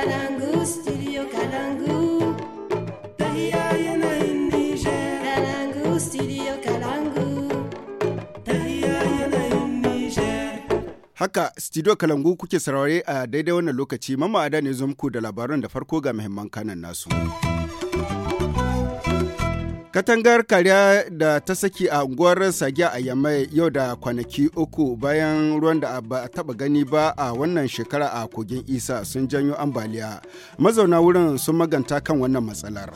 Kalangu, Kalangu. Kalangu, studio Haka studio Kalangu kuke saurare a daidai wannan lokaci mamma ada ne zo muku da labaran da farko ga muhimman kanan nasu. Katangar kariya da ta saki a unguwar sage a Yamai yau da kwanaki uku bayan ruwan da ba a taba gani ba a wannan shekara a kogin Isa sun janyo ambaliya. Mazauna wurin sun maganta kan wannan matsalar.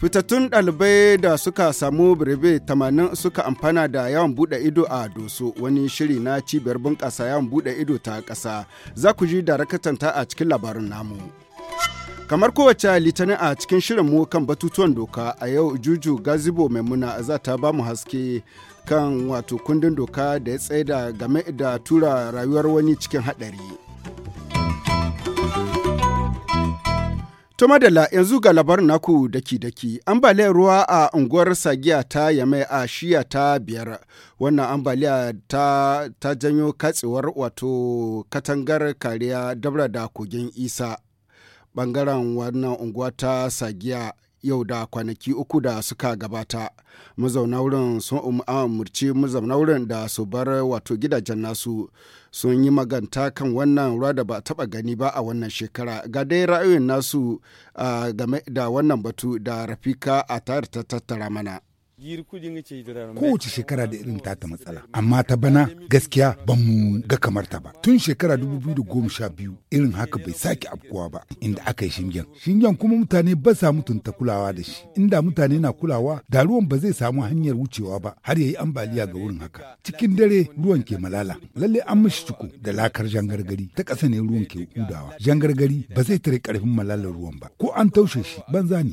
fitattun ɗalibai da suka samu birbe 80 suka amfana da yawan buɗe ido a doso wani shiri na cibiyar bunƙasa yawan buɗe ido ta ƙasa za ku ji da rakatanta a cikin labarin namu. Kamar kowace litinin a cikin shirin mu kan batutuwan doka a yau Juju Gazibo Maimuna za ta ba mu haske kan wato kundin doka da ya tsaida game da tura rayuwar wani cikin haɗari. To madalla yanzu ga labarin naku daki-daki ambaliyar ruwa a unguwar sagiya ta yamai a shiya ta biyar wannan ambaliya ta, ta janyo katsewar wato katangar kariya dabra da kogin isa bangaren wannan unguwa ta sagiya yau da kwanaki uku da suka gabata mazauna wurin sun um, amurci mazauna wurin da su bar wato gidajen nasu sun yi maganta kan wannan ruwa da ba taba gani ba a wannan shekara ga dai ra'ayoyin nasu ah, game da wannan batu da rafika a tare ta tattara mana Kowace shekara da irin tata matsala, amma ta bana gaskiya ban mu ga kamar ta ba. Tun shekara biyu irin haka bai sake afkuwa ba inda aka yi shingen. Shingen kuma mutane ba sa mutunta kulawa da shi. Inda mutane na kulawa, da ruwan ba zai samu hanyar wucewa ba har ya yi ambaliya ga wurin haka. Cikin dare ruwan ke malala. Lalle an mishi cuku da lakar jangargari ta ƙasa ne ruwan ke hudawa. Jangargari ba zai tare ƙarfin malalar ruwan ba. Ko an taushe shi banza ne.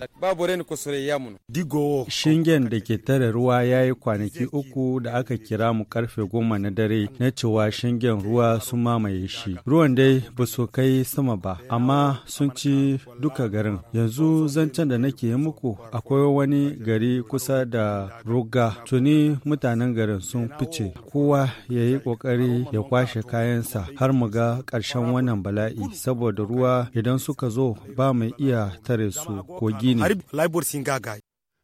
Shingen da ke tare ruwa ya yi kwanaki uku da aka kira mu karfe goma na dare na cewa shingen ruwa sun mamaye shi. Ruwan dai ba su kai sama ba, amma sun ci duka garin. Yanzu zancen da nake yi muku akwai wani gari kusa da Ruga. Tuni mutanen garin sun fice, kowa ya yi kokari ya kwashe kayansa har mu ga ƙarshen wannan bala'i saboda ruwa idan suka zo ba mai iya tare su kogi ne.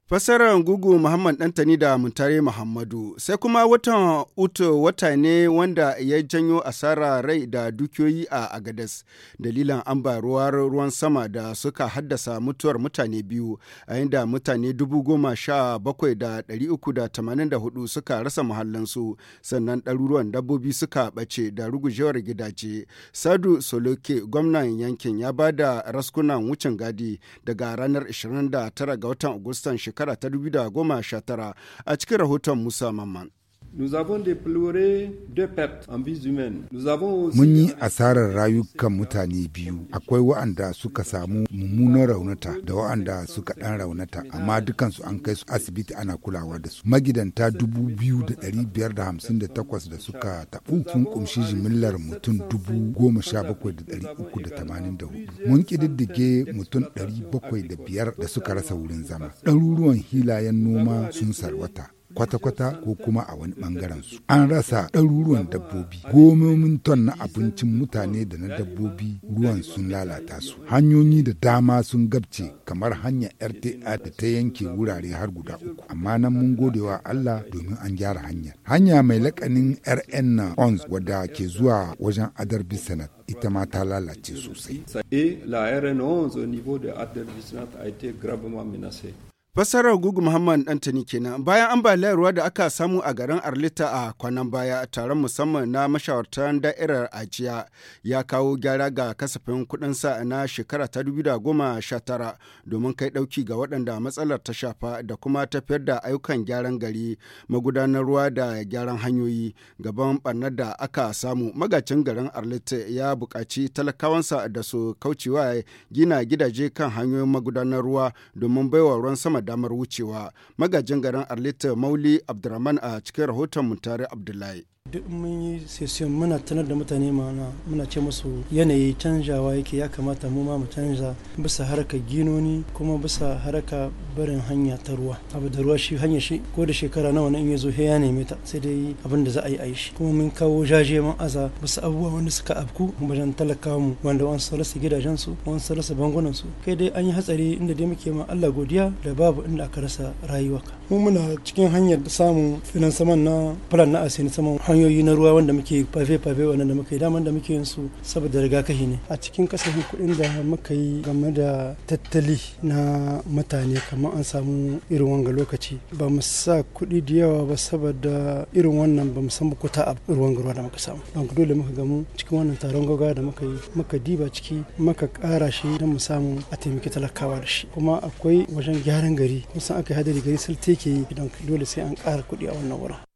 Fasarar Gugu Muhammad Dantani da Muntare Muhammadu sai kuma watan Uto wata ne wanda ya janyo asara rai da dukiyoyi a Agadas dalilan ambaruwar ruwan sama da suka haddasa mutuwar mutane biyu a inda mutane dubu goma sha bakwai da ɗari uku da tamanin da hudu suka rasa muhallansu sannan ɗaruruwan dabbobi suka ɓace da rugujewar gidaje. Sadu Soloke gwamnan yankin ya ba da raskunan wucin gadi daga ranar 29 ga watan Agustan shekara ta 2019 a cikin rahoton musamman Mamman. Mun yi asarar rayukan mutane biyu, akwai wa'anda suka samu mummunan raunata da wa'anda suka ɗan raunata, amma dukansu an kai su asibiti ana kulawa da su. Magidanta dubu biyu da ɗari biyar da hamsin da takwas da suka taɓu sun ƙumshi jimillar mutum dubu goma sha bakwai da ɗari uku da tamanin da hudu. Mun ƙididdige mutum ɗari bakwai da biyar da suka rasa wurin zama. Ɗaruruwan hilayen noma sun sarwata. kwata-kwata ko kuma a wani bangaren su an rasa ɗaruruwan dabbobi gomomin ton na abincin mutane da na dabbobi ruwan sun lalata su hanyoyi da dama sun gabce kamar hanyar rta da ta yanke wurare har guda uku amma nan mun gode wa allah domin an gyara hanyar hanya mai lakanin rn na ons wadda ke zuwa wajen adar bisanat ita ma ta lalace sosai. Et la RN11 au niveau de a été Fassarar Gugu Muhammad Dantani kenan bayan ambaliyar ruwa da aka samu a garin Arlita a kwanan baya taron musamman na mashawartan da'irar ajiya ya kawo gyara ga kasafin kuɗin sa na shekara ta sha tara domin kai ɗauki ga waɗanda matsalar ta shafa da kuma tafiyar da ayyukan gyaran gari magudanar ruwa da gyaran hanyoyi gaban ɓarnar da aka samu magacin garin Arlita ya buƙaci talakawansa da su kaucewa gina gidaje kan hanyoyin magudanar ruwa domin baiwa ruwan sama damar wucewa magajin garin arlita mauli abdurrahman a cikin rahoton mutare abdullahi duk mun yi sesiyon muna tanar da mutane mana muna ce musu yanayi canjawa yake ya kamata mu ma mu canza bisa harkar ginoni kuma bisa haraka barin hanya ta ruwa abu da ruwa shi hanya shi ko da shekara nawa na in yazo he ya neme ta sai dai abin da za a yi ayi shi kuma mun kawo jaje mun aza bisa abubuwa wanda suka afku wajen talaka mu wanda wani su rasa gidajensu wani su rasa bangunan su kai dai an yi hatsari inda dai muke ma Allah godiya da babu inda aka rasa rayuwa mu muna cikin hanyar samun finan saman na plan na asini saman hanyoyi na ruwa wanda muke fafe-fafe wannan da muke daman da muke yin su saboda rigakafi ne a cikin kasafin kuɗin da muka yi game da tattali na mutane kamar an samu irin wanga lokaci ba mu sa kuɗi da yawa ba saboda irin wannan ba mu san bukuta a ruwan ruwa da muka samu don dole muka gamu cikin wannan taron gaugawa da muka yi muka diba ciki muka ƙara shi don mu samu a taimaki talakawa da shi kuma akwai wajen gyaran gari kusan aka yi hadari gari sai take yi don dole sai an ƙara kuɗi a wannan wurin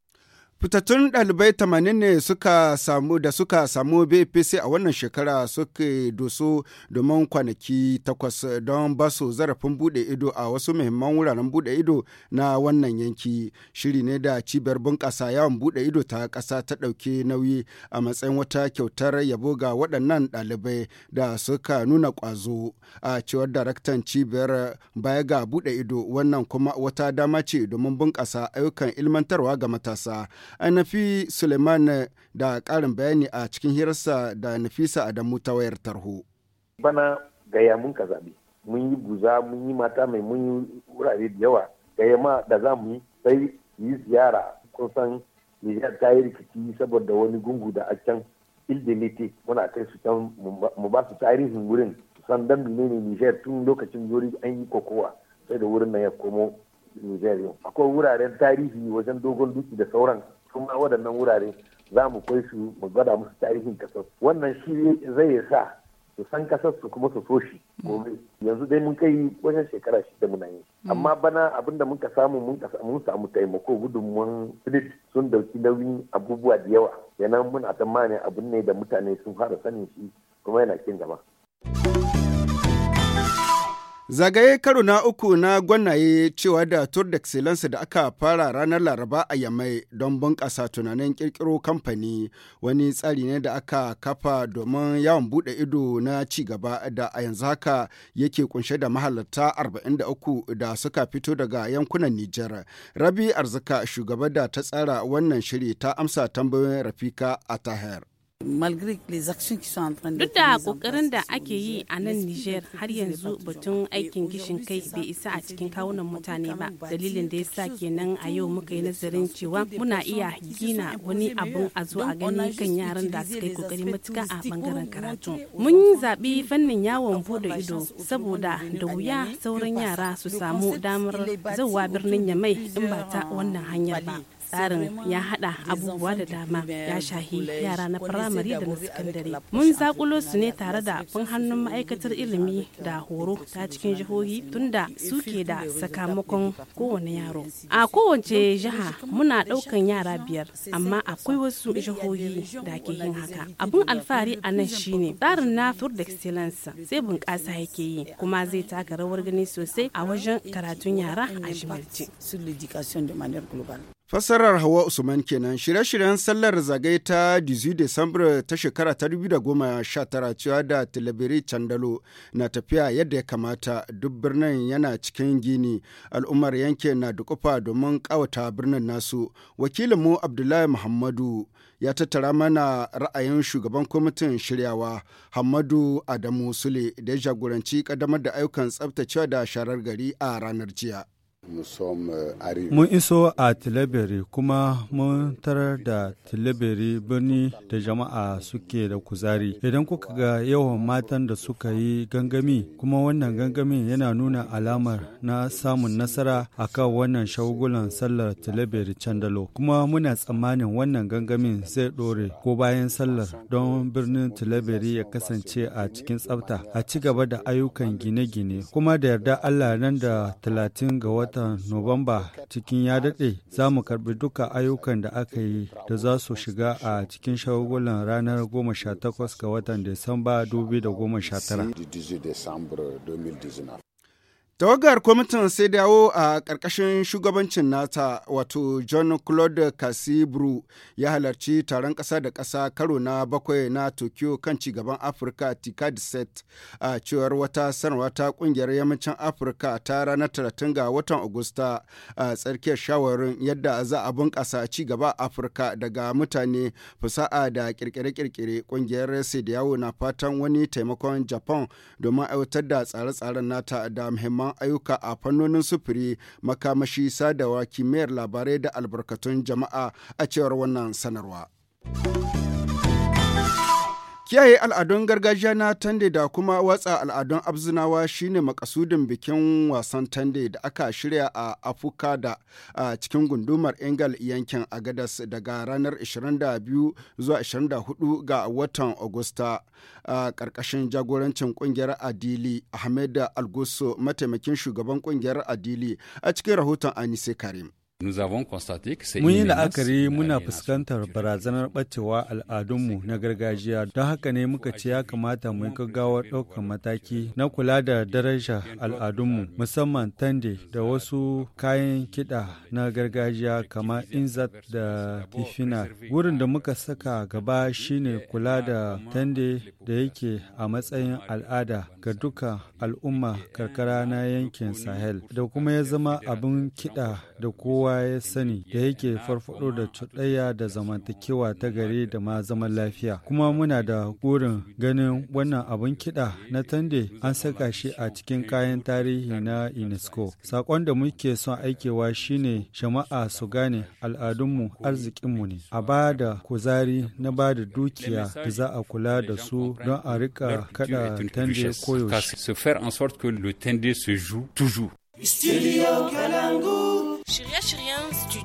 Fitattun ɗalibai 80 ne suka samu da suka samu BPC a wannan shekara suke doso domin kwanaki takwas don ba su zarafin buɗe ido a wasu muhimman wuraren buɗe ido na wannan yanki. Shiri ne da cibiyar bunƙasa yawon buɗe ido ta ƙasa ta ɗauki nauyi a matsayin wata kyautar yabo ga waɗannan ɗalibai da suka nuna ƙwazo a cewar daraktan cibiyar baya ga buɗe ido wannan kuma wata dama ce domin bunƙasa ayyukan ilmantarwa ga matasa. Nafi Suleiman da ƙarin bayani a cikin hirarsa da Nafisa Adamu ta wayar tarho. Bana gaya mun ka zaɓe, mun yi guza, mun yi mata mai mun yi wurare da yawa, gaya ma da za mu yi sai yi ziyara kusan Nijar ta yi rikici saboda wani gungu da a can ildelite muna kai su can mu ba su tarihin wurin san dan ne Nijar tun lokacin yori an yi kokowa sai da wurin nan ya komo Nijar yau akwai wuraren tarihi wajen dogon duki da sauran kuma waɗannan wurare za mu kai su mu gwada musu tarihin kasar wannan shi zai sa su san kasar su kuma su so shi gobe yanzu dai mun kai wajen shekara shi da muna yi amma bana abin da muka samu mun samu taimako gudunmuwan split sun dauki nauyin abubuwa da yawa yana muna tsammanin abun ne da mutane sun fara sanin shi kuma yana kin gaba Zagaye karo na uku na gwanaye cewa da Tour d'Excellence da aka fara ranar Laraba a Yamai don bunƙasa tunanin ƙirƙiro kamfani wani tsari ne da aka kafa domin yawon buɗe ido na ci gaba da a yanzu haka yake kunshe da mahalarta 43 da suka fito daga yankunan Nijar. Rabi Arzika shugaba da ta tsara wannan shiri ta amsa tambayoyin Rafika a Taher. Duk da kokarin da ake yi a nan Niger har yanzu batun aikin gishin kai bai isa a cikin kawunan mutane ba. Dalilin da ya sa kenan a yau muka yi nazarin cewa muna iya gina wani abun a zo a gani kan yaran da suka yi kokari matuka a bangaren karatu. Mun zaɓi fannin yawon bude ido saboda da wuya sauran yara su samu damar zauwa birnin Yamai in ba ta wannan hanyar ba. tsarin ya hada abubuwa da dama ya shahi yara na firamare da na sakandare mun zakulo su ne tare da kun hannun ma'aikatar ilimi da horo ta cikin jihohi tunda suke da sakamakon kowane yaro a kowace jiha muna daukan yara biyar amma akwai wasu jihohi da ke yin haka abun alfahari a nan shine tsarin na tour excellence sai bunƙasa yake yi kuma zai taka rawar gani sosai a wajen karatun yara a shimarci Fassarar Hawa Usman kenan shirye-shiryen sallar zagaye ta 18 Desambar ta shekara ta 2019 cewa da Tilabiri Candalo na tafiya yadda ya kamata duk birnin yana cikin gini al'ummar yanke na dukufa domin kawata birnin nasu. Wakilinmu Abdullahi Muhammadu ya tattara mana ra'ayin shugaban kwamitin shiryawa Hamadu Adamu Sule da ya jagoranci kadamar da ayyukan tsaftacewa da sharar gari a ranar jiya. Euh, mun iso a Tilaberi kuma mun tarar da Tilaberi birni da jama'a suke da kuzari. Idan kuka ga yawan matan da suka yi gangami, kuma wannan gangamin yana nuna alamar na samun nasara a kan wannan shagulan sallar Tilaberi Candalo. Kuma muna tsammanin wannan gangamin zai ɗore ko bayan sallar don birnin Tilaberi ya kasance a cikin tsafta, a ci gaba da ayyukan gine-gine, kuma da yarda Allah nan da talatin ga wata watan Nuwamba cikin ya daɗe za mu karɓi duka ayyukan da aka yi da za su shiga a cikin shagulan ranar 18 ga watan Disamba 2019. tawagar kwamitin sai dawo a ƙarƙashin shugabancin nata wato john claude kasibru ya halarci taron ƙasa da ƙasa karo na bakwai na tokyo kan cigaban afirka ticad set a cewar wata sanarwa ta ƙungiyar yammacin afirka ta ranar 30 ga watan agusta a tsarkiyar shawarin yadda za a bunƙasa cigaba afirka daga mutane fusa'a da ƙirƙire-ƙirƙire ƙungiyar sai na fatan wani taimakon japan domin aiwatar da tsare-tsaren nata da muhimman muhimman ayyuka a fannonin sufuri makamashi sadawa kimiyyar labarai da albarkatun jama'a a cewar wannan sanarwa. Kiyaye al'adun gargajiya na Tande da kuma watsa al'adun Abzunawa shine makasudin bikin wasan Tande da aka shirya a Afuka da a cikin gundumar Engal yankin Agadas daga ranar 22 zuwa 24 ga watan Agusta a ƙarƙashin jagorancin ƙungiyar Adili Ahmed Alguso mataimakin shugaban ƙungiyar Adili a cikin rahoton Anise Karim. Mun yi la'akari muna fuskantar barazanar ɓacewa al'adunmu na gargajiya don haka ne muka ce ya kamata mu yi gaggawar ɗaukar mataki na kula da darajar al'adunmu musamman tande da wasu kayan kiɗa na gargajiya kamar inzat da tifina. Wurin da muka saka gaba shine kula da tande da yake a matsayin al'ada ga duka al'umma karkara na yankin Sahel da kuma ya zama abin kiɗa da kowa kowa ya sani da yake farfado da cuɗaya da zamantakewa ta gari da ma zaman lafiya kuma muna da gurin ganin wannan abin kiɗa na tande an saka shi a cikin kayan tarihi na unesco saƙon da muke son aikewa shine jama'a su gane al'adunmu arzikinmu ne a ba da kuzari na ba da dukiya da za a kula da su don a rika kada tande koyaushe Studio Kalangu.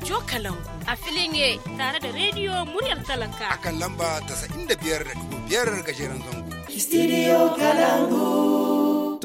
Studio Kalangu. A filin ye tare da rediyo muryar talaka. A kan lamba 95.5 gajeren zango. Studio Kalangu.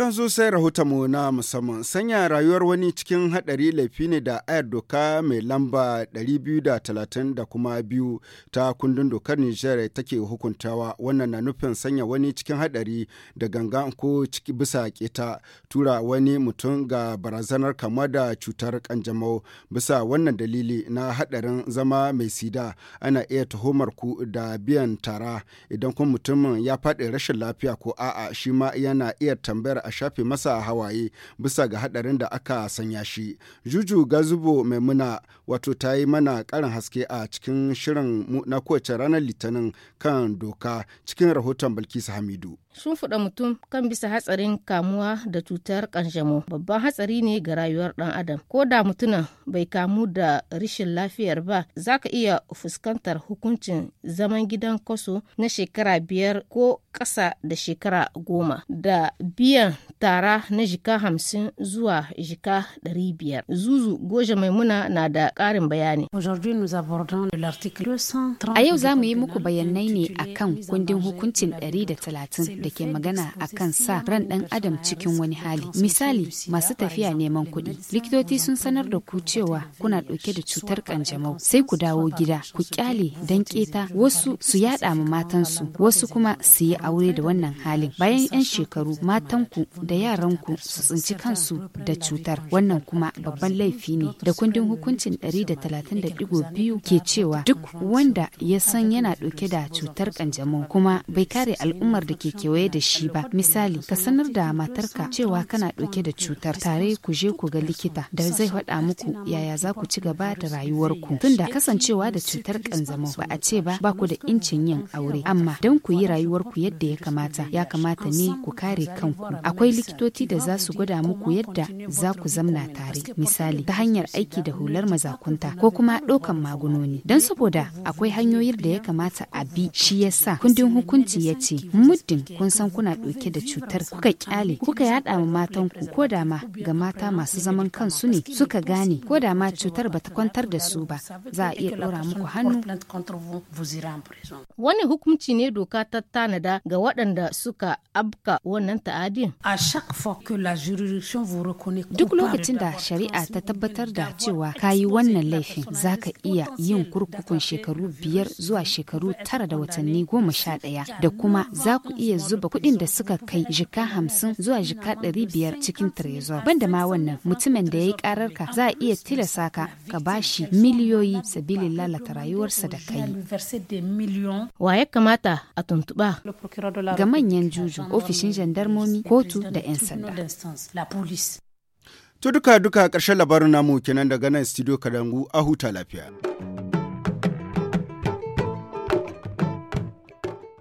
Don zo sai mu na musamman sanya rayuwar wani cikin haɗari laifi ne da ayar doka mai lamba 230 da kuma biyu ta kundin dokar Nijar take hukuntawa wannan na nufin sanya wani cikin haɗari da ganga ko ciki bisa keta tura wani mutum ga barazanar kama da cutar kanjamau bisa wannan dalili na haɗarin zama mai sida ana iya tuhumar ku da biyan tara idan kun mutumin ya faɗi rashin lafiya ko a'a shi ma yana iya tambayar a a shafe masa hawaye bisa ga hadarin da aka sanya shi. Juju Gazubo Maimuna wato ta yi mana karin haske a cikin shirin na kowace ranar Litinin kan doka cikin rahoton Bilkisu Hamidu. Sun shimfiɗa mutum kan bisa hatsarin kamuwa da cutar kanjamo. babban hatsari ne ga rayuwar ɗan adam ko da mutumin bai kamu da rishin lafiyar ba za ka iya fuskantar hukuncin zaman gidan kwaso na shekara biyar ko ƙasa da shekara goma da biyan tara na jika hamsin zuwa jika ɗari biyar. Zuzu Goja Maimuna na da ƙarin bayani. A yau za mu yi muku bayanai ne a kan kundin hukuncin ɗari da talatin da ke magana a kan sa ran ɗan adam cikin wani hali. Misali masu tafiya neman kuɗi. Likitoci sun sanar da ku cewa kuna ɗauke da cutar kanjamau sai ku dawo gida ku ƙyale dan keta wasu su yaɗa ma matansu wasu kuma su yi aure da wannan halin bayan 'yan shekaru matanku da yaranku su tsinci kansu da cutar wannan kuma babban laifi ne da kundin hukuncin 130.2 ke cewa duk wanda ya san yana dauke da cutar kanjamau kuma bai kare al'ummar da ke kewaye da shi ba misali ka sanar da matarka cewa kana dauke da cutar tare ku je ku ga likita da zai faɗa muku yaya za ku ci gaba da rayuwarku tunda kasancewa da cutar kanjamau ba a ce ba ba ku da incin yin aure amma don ku yi rayuwarku yadda ya kamata ya kamata ne ku kare kanku akwai likitoci da za su gwada muku yadda za ku zamna tare misali ta hanyar aiki da hular mazakunta ko kuma ɗaukan magunoni don saboda akwai hanyoyin da ya kamata a bi shi yasa kundin hukunci ya ce muddin kun san kuna ɗauke da cutar kuka ƙyale kuka yaɗa ma matanku ko da ma ga mata masu zaman kansu ne suka gane ko da ma cutar bata kwantar da su ba za a iya ɗora muku hannu wani hukunci ne doka ta tanada ga waɗanda suka abka wannan ta'adin Duk lokacin da shari'a ta tabbatar da cewa ka yi wannan laifin za ka iya yin kurkukun shekaru biyar zuwa shekaru tara da watanni goma sha ɗaya da kuma za ku iya zuba kuɗin da suka kai jika hamsin zuwa jika ɗari biyar cikin trezor. Banda ma wannan mutumin da ya yi karar ka za a iya tilasa ka ka ba shi miliyoyi sabilin lalata rayuwarsa da kai. Wa ya kamata a tuntuɓa? Ga manyan juju, ofishin jandarmomi, kotu da 'yan sanda. To duka duka ƙarshen labarin namu kenan daga nan studio Kadangu a huta lafiya.